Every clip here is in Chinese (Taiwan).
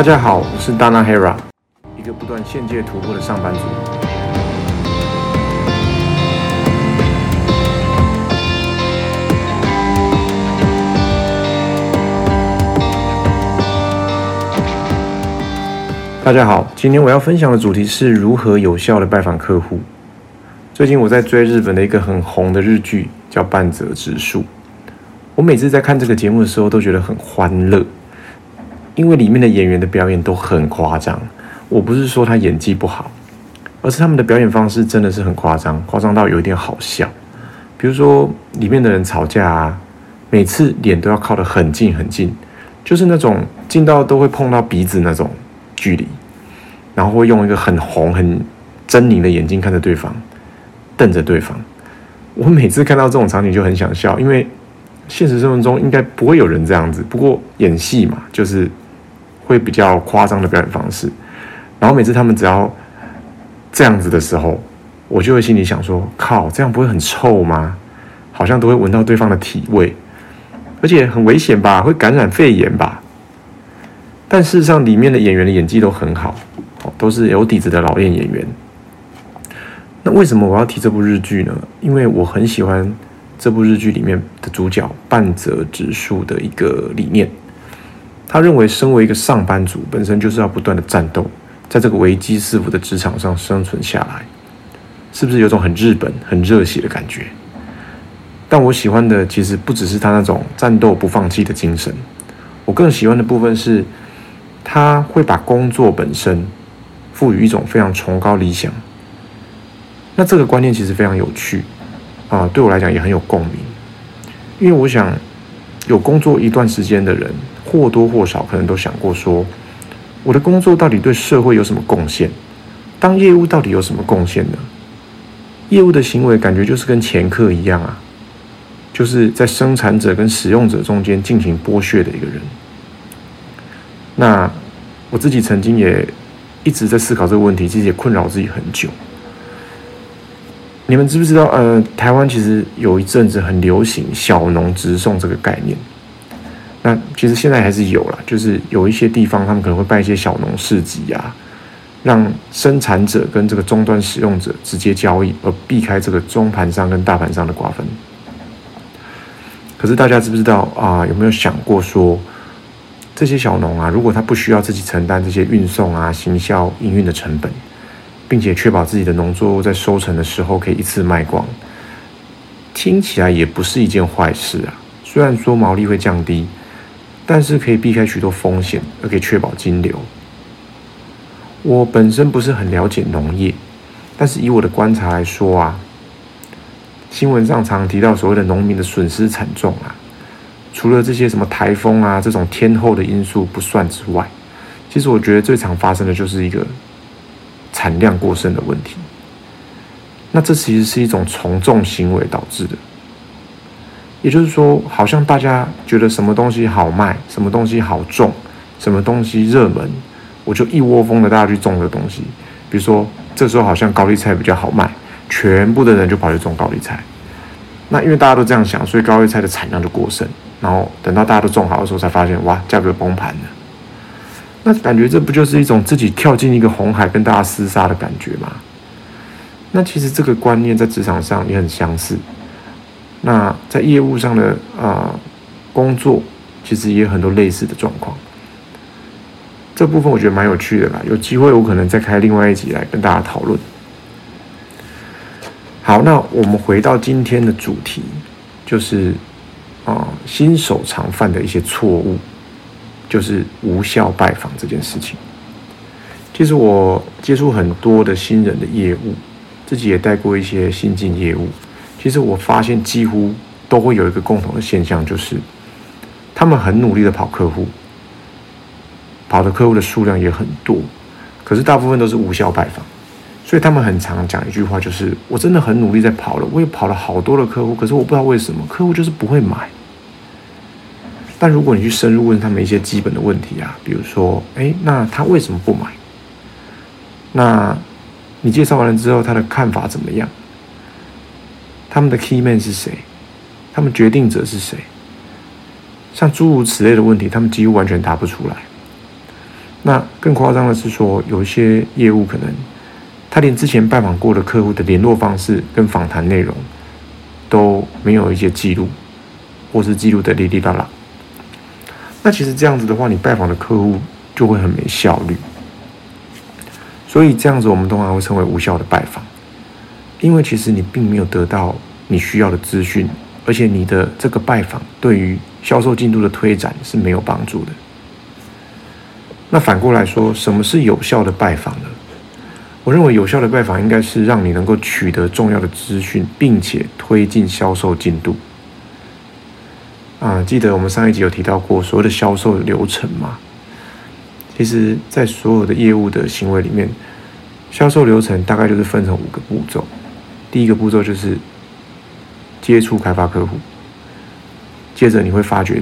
大家好，我是 Dana Hera 一個不斷限界突破的上班族。大家好，今天我要分享的主題是如何有效的拜訪客戶。最近我在追日本的一個很紅的日劇，叫《半澤直樹》。我每次在看這個節目的時候，都覺得很歡樂。因為裡面的演員的表演都很誇張，我不是說他演技不好，而是他們的表演方式真的是很誇張，誇張到有一點好笑。比如說裡面的人吵架啊，每次臉都要靠得很近很近，就是那種近到都會碰到鼻子那種距離，然後會用一個很紅、很猙獰的眼睛看着對方，瞪着對方。我每次看到這種場景就很想笑，因為現實生活中應該不會有人這樣子。不過演戲嘛，就是。會比較誇張的表演方式，然後每次他們只要這樣子的時候，我就會心裡想說：靠，這樣不會很臭嗎？好像都會聞到對方的體味，而且很危險吧？會感染肺炎吧？但事實上，裡面的演員的演技都很好，都是有底子的老練演員。那為什麼我要提這部日劇呢？因為我很喜歡這部日劇裡面的主角半澤直樹的一個理念。他認為，身為一個上班族，本身就是要不斷的戰鬥，在這個危機四伏的職場上生存下來，是不是有種很日本、很熱血的感覺？但我喜歡的其實不只是他那種戰鬥不放棄的精神，我更喜歡的部分是，他會把工作本身賦予一種非常崇高理想。那這個觀念其實非常有趣，啊，對我來講也很有共鳴，因為我想有工作一段時間的人。或多或少可能都想過說，我的工作到底對社會有什麼貢獻？當業務到底有什麼貢獻呢？業務的行為感覺就是跟掮客一樣啊，就是在生產者跟使用者中間進行剝削的一個人。那我自己曾經也一直在思考這個問題，其實也困擾自己很久。你們知不知道？呃，台灣其實有一陣子很流行小農直送這個概念。那其實現在還是有了，就是有一些地方他們可能會辦一些小農市集啊，讓生產者跟這個終端使用者直接交易，而避開這個中盤商跟大盤商的瓜分。可是大家知不知道啊？有沒有想過說，這些小農啊，如果他不需要自己承擔這些運送啊、行銷、營運的成本，並且確保自己的農作物在收成的時候可以一次賣光，聽起來也不是一件壞事啊。雖然說，毛利會降低。但是可以避開許多風險，而可以確保金流。我本身不是很了解農業，但是以我的觀察來說啊，新聞上常提到所謂的農民的損失慘重啊，除了這些什麼台風啊這種天候的因素不算之外，其實我覺得最常發生的就是一個產量過剩的問題。那這其實是一種從眾行為導致的。也就是說，好像大家覺得什麼東西好賣，什麼東西好種，什麼東西熱門，我就一窩蜂的大家去種這東西。比如說，這時候好像高麗菜比較好賣，全部的人就跑去種高麗菜。那因為大家都這樣想，所以高麗菜的產量就過剩。然後等到大家都種好的時候，才發現哇，價格崩盤了。那感覺這不就是一種自己跳進一個紅海跟大家廝殺的感覺嗎？那其實這個觀念在職場上也很相似。那在業務上的啊、呃、工作，其實也有很多類似的狀況。這部分我覺得蠻有趣的啦，有機會我可能再開另外一集來跟大家討論。好，那我們回到今天的主題，就是啊、呃、新手常犯的一些錯誤，就是無效拜訪這件事情。其實我接觸很多的新人的業務，自己也帶過一些新進業務。其實我發現幾乎都會有一個共同的現象，就是他們很努力的跑客戶，跑的客戶的數量也很多，可是大部分都是無效拜訪。所以他們很常講一句話，就是我真的很努力在跑了，我也跑了好多的客戶，可是我不知道為什麼客戶就是不會買。但如果你去深入問他們一些基本的問題啊，比如說，誒，那他為什麼不買？那你介紹完了之後，他的看法怎麼樣？他們的 key man 是誰？他們決定者是誰？像諸如此類的問題，他們幾乎完全答不出來。那更誇張的是說，有一些業務可能，他連之前拜訪過的客戶的聯絡方式跟訪談內容都沒有一些記錄，或是記錄的零零落落。那其實這樣子的話，你拜訪的客戶就會很沒效率。所以這樣子，我們通常會稱為無效的拜訪。因為其實你並沒有得到你需要的資訊，而且你的這個拜訪對於銷售進度的推展是沒有幫助的。那反過來說，什麼是有效的拜訪呢？我認為有效的拜訪應該是讓你能夠取得重要的資訊，並且推進銷售進度。啊，記得我們上一集有提到過所謂的銷售流程嗎？其實，在所有的業務的行為裡面，銷售流程大概就是分成五個步驟。第一個步驟就是接觸開發客戶，接着你會發掘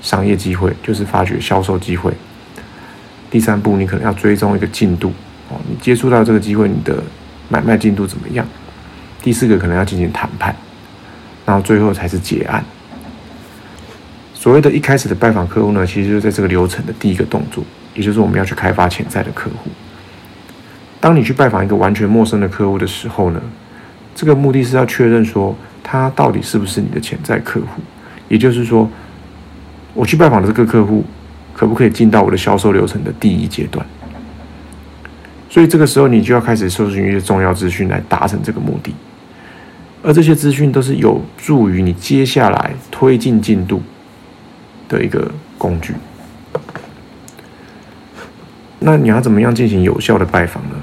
商業機會，就是發掘銷售機會。第三步，你可能要追蹤一個進度哦，你接觸到這個機會，你的買賣進度怎麼樣？第四個可能要進行談判，然後最後才是結案。所謂的一開始的拜訪客戶呢，其實就是在這個流程的第一個動作，也就是我們要去開發潛在的客戶。當你去拜訪一個完全陌生的客戶的時候呢，這個目的是要確認說他到底是不是你的潛在客戶，也就是說，我去拜訪的這個客戶，可不可以進到我的銷售流程的第一階段？所以這個時候你就要開始收集一些重要資訊來達成這個目的，而這些資訊都是有助於你接下來推進進度的一個工具。那你要怎麼樣進行有效的拜訪呢？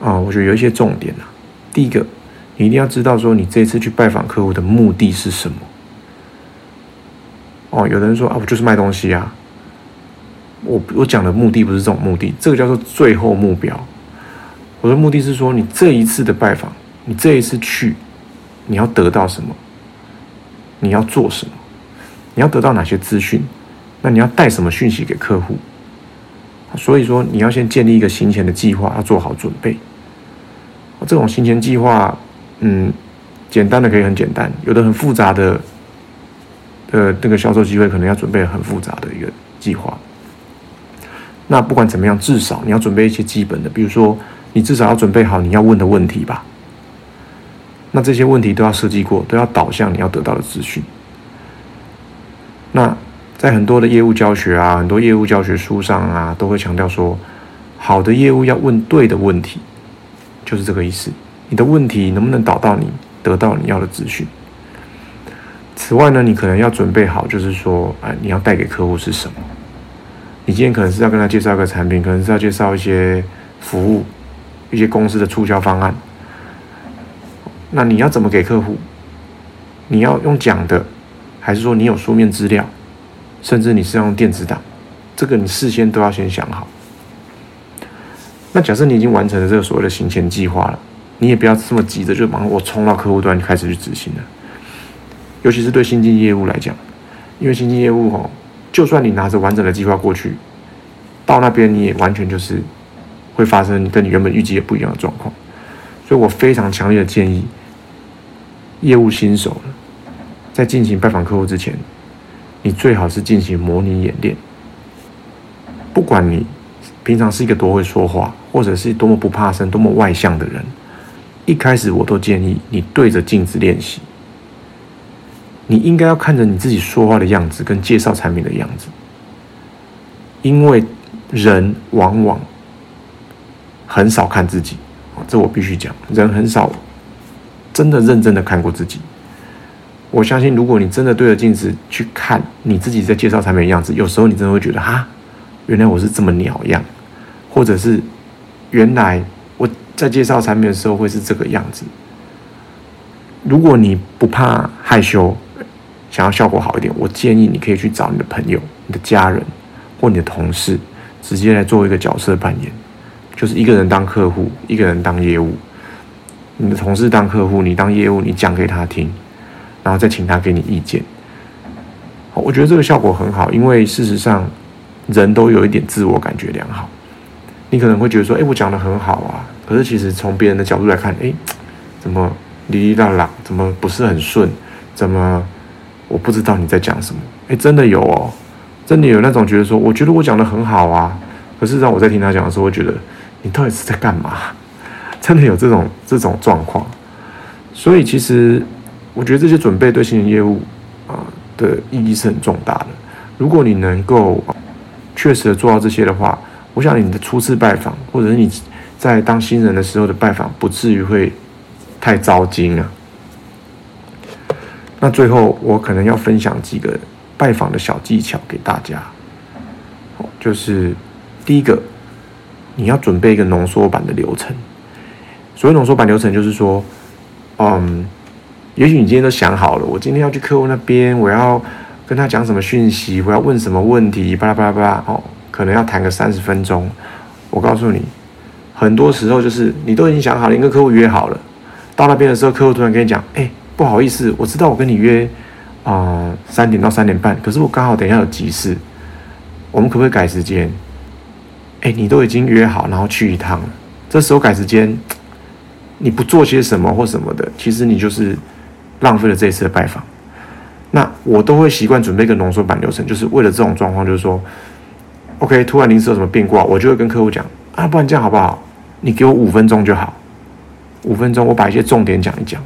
啊，我覺得有一些重點吶，啊。第一個，你一定要知道，說你這一次去拜訪客戶的目的是什麼。哦，有的人說啊，我就是賣東西啊。我我講的目的不是這種目的，這個叫做最後目標。我的目的是說，你這一次的拜訪，你這一次去，你要得到什麼？你要做什麼？你要得到哪些資訊？那你要帶什麼訊息給客戶？所以說，你要先建立一個行前的計劃，要做好準備。這種行前計劃，嗯，簡單的可以很簡單，有的很複雜的，呃，那個銷售機會可能要準備很複雜的一個計劃。那不管怎麼樣，至少你要準備一些基本的，比如說你至少要準備好你要問的問題吧。那這些問題都要設計過，都要導向你要得到的資訊。那在很多的業務教學啊，很多業務教學書上啊，都會強調說，好的業務要問對的問題。就是這個意思。你的問題能不能導到你得到你要的資訊？此外呢，你可能要準備好，就是說，哎、啊，你要帶給客戶是什麼？你今天可能是要跟他介紹一個產品，可能是要介紹一些服務、一些公司的促銷方案。那你要怎麼給客戶？你要用講的，還是說你有書面資料，甚至你是要用電子檔？這個你事先都要先想好。那假設你已經完成了這個所謂的行前計劃了，你也不要這麼急着就馬上我衝到客戶端開始去執行了。尤其是對新進業務來講，因為新進業務吼，就算你拿着完整的計劃過去，到那邊你也完全就是會發生跟你原本預計也不一樣的狀況。所以我非常強烈的建議，業務新手在進行拜訪客戶之前，你最好是進行模擬演練，不管你。平常是一個多會說話，或者是多麼不怕生、多麼外向的人，一開始我都建議你對着鏡子練習。你應該要看着你自己說話的樣子跟介紹產品的樣子，因為人往往很少看自己，這我必須講，人很少真的認真的看過自己。我相信，如果你真的對着鏡子去看你自己在介紹產品的樣子，有時候你真的會覺得哈。原來我是這麼鳥樣，或者是原來我在介紹產品的時候會是這個樣子。如果你不怕害羞，想要效果好一點，我建議你可以去找你的朋友、你的家人或你的同事，直接來做一個角色扮演，就是一個人當客戶，一個人當業務，你的同事當客戶，你當業務，你講給他聽，然後再請他給你意見。好，我覺得這個效果很好，因為事實上。人都有一點自我感覺良好，你可能會覺得說：“誒，我講的很好啊。”可是其實從別人的角度來看，誒，怎麼哩哩啦啦，怎麼不是很順，怎麼我不知道你在講什麼？誒，真的有哦，真的有那種覺得說：“我覺得我講的很好啊。”可是讓我在聽他講的時候，我覺得你到底是在幹嘛？真的有這種這種狀況。所以其實我覺得這些準備對新人業務啊、呃、的意義是很重大的。如果你能夠。呃確實做到這些的話，我想你的初次拜訪，或者是你在當新人的時候的拜訪，不至於會太糟心啊。那最後，我可能要分享幾個拜訪的小技巧給大家。好，就是第一個，你要準備一個濃縮版的流程。所謂濃縮版流程，就是說，嗯，也許你今天都想好了，我今天要去客戶那邊，我要。跟他講什麼訊息，我要問什麼問題，巴拉巴拉巴拉，哦，可能要談個三十分鐘。我告訴你，很多時候就是你都已經想好了，你跟客戶約好了，到那邊的時候，客戶突然跟你講，欸，不好意思，我知道我跟你約啊三點到三點半，可是我剛好等一下有急事，我們可不可以改時間？欸，你都已經約好，然後去一趟，這時候改時間，你不做些什麼或什麼的，其實你就是浪費了這一次的拜訪。那我都會習慣準備一個濃縮版流程，就是為了這種狀況，就是說，OK，突然臨時有什麼變故，我就會跟客戶講啊，不然這樣好不好？你給我五分鐘就好，五分鐘，我把一些重點講一講。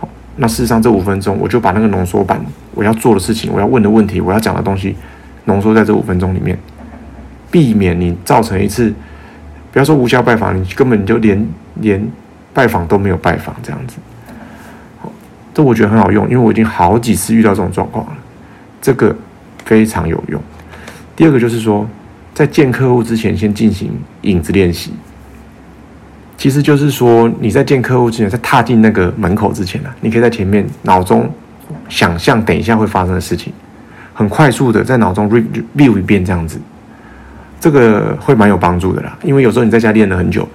好，那事實上這五分鐘，我就把那個濃縮版我要做的事情、我要問的問題、我要講的東西濃縮在這五分鐘裡面，避免你造成一次，不要說無效拜訪，你根本你就連連拜訪都沒有拜訪這樣子。這我覺得很好用，因為我已經好幾次遇到這種狀況了，這個非常有用。第二個就是說，在見客戶之前，先進行影子練習。其實就是說，你在見客戶之前，在踏進那個門口之前呢、啊，你可以在前面腦中想象等一下會發生的事情，很快速的在腦中 review 一遍這樣子，這個會蠻有幫助的啦。因為有時候你在家練了很久，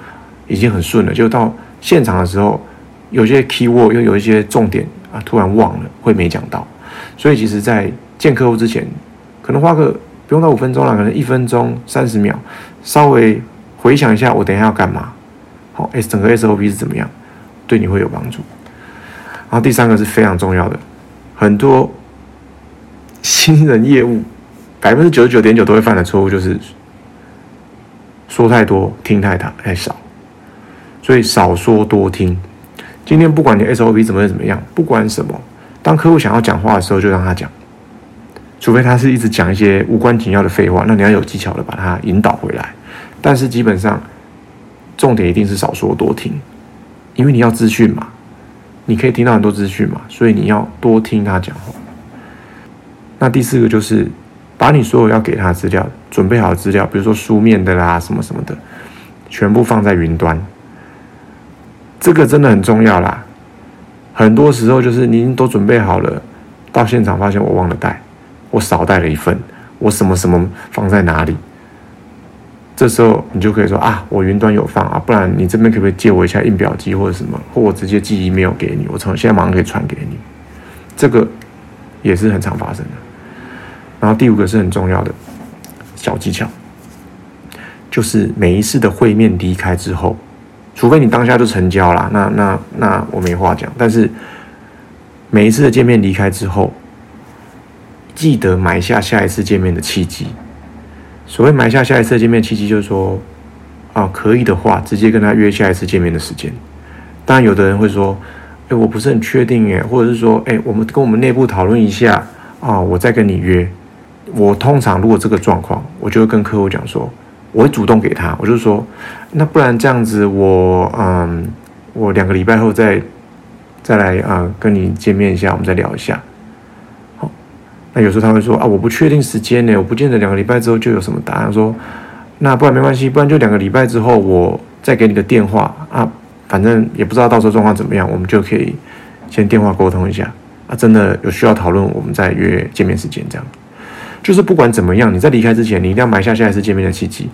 已經很順了，就到現場的時候。有些 key word 又有一些重點啊，突然忘了會沒講到，所以其實，在見客戶之前，可能花個不用到五分鐘了，可能一分鐘三十秒，稍微回想一下，我等一下要幹嘛？好，哎，整個 SOP 是怎麼樣？對你會有幫助。然後第三個是非常重要的，很多新人業務百分之九十九點九都會犯的錯誤就是說太多，聽太大太少，所以少說多聽。今天不管你 SOP 怎麼樣怎麼樣，不管什麼，當客戶想要講話的時候，就讓他講，除非他是一直講一些無關緊要的廢話，那你要有技巧的把他引導回來。但是基本上，重點一定是少說多聽，因為你要資訊嘛，你可以聽到很多資訊嘛，所以你要多聽他講話。那第四個就是把你所有要給他資料，準備好的資料，比如說書面的啦，什麼什麼的，全部放在雲端。這個真的很重要啦，很多時候就是您都準備好了，到現場發現我忘了帶，我少帶了一份，我什麼什麼放在哪裡？這時候你就可以說啊，我雲端有放啊，不然你這邊可不可以借我一下印表機或者什麼？或我直接寄 Email 給你，我從現在馬上可以傳給你，這個也是很常發生的。然後第五個是很重要的小技巧，就是每一次的會面離開之後。除非你當下就成交了，那那那我沒話講。但是每一次的見面離開之後，記得埋下下一次見面的契機。所謂埋下下一次見面的契機，就是說，啊，可以的話，直接跟他約下一次見面的時間。當然，有的人會說，哎、欸，我不是很確定，哎，或者是說，哎、欸，我們跟我們內部討論一下啊，我再跟你約。我通常如果這個狀況，我就會跟客戶講說。我會主動給他，我就說，那不然這樣子我，我嗯，我兩個禮拜後再再來啊，跟你見面一下，我們再聊一下。好，那有時候他會說啊，我不確定時間呢，我不見得兩個禮拜之後就有什麼答案。說，那不然沒關係，不然就兩個禮拜之後我再給你個電話啊，反正也不知道到時候狀況怎麼樣，我們就可以先電話溝通一下啊，真的有需要討論，我們再約見面時間這樣。就是不管怎麼樣，你在離開之前，你一定要埋下下一次見面的契機。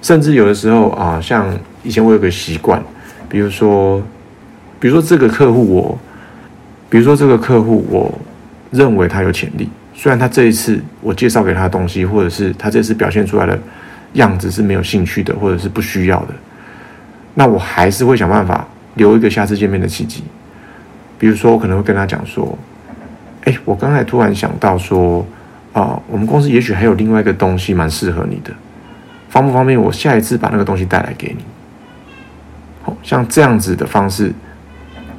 甚至有的時候啊，像以前我有個習慣，比如說，比如說這個客戶我，比如說這個客戶，我認為他有潛力，雖然他這一次我介紹給他的東西，或者是他這次表現出來的樣子是沒有興趣的，或者是不需要的，那我還是會想辦法留一個下次見面的契機。比如說，我可能會跟他講說：“哎、欸，我剛才突然想到說。”哦，我們公司也許還有另外一個東西蠻適合你的，方不方便我下一次把那個東西帶來給你？好，哦，像這樣子的方式，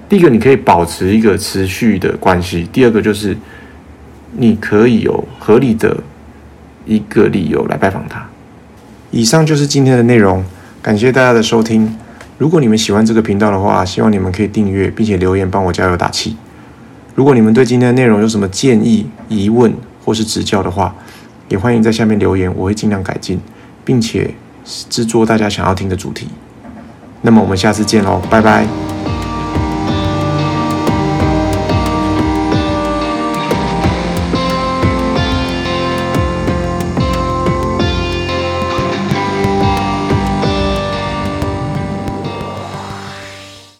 第一個你可以保持一個持續的關係，第二個就是你可以有合理的一個理由來拜訪他。以上就是今天的內容，感謝大家的收聽。如果你們喜歡這個頻道的話，希望你們可以訂閱並且留言幫我加油打氣。如果你們對今天的內容有什麼建議、疑問，或是指教的話，也歡迎在下面留言，我會盡量改進，並且製作大家想要聽的主題。那麼，我們下次見嘍，拜拜。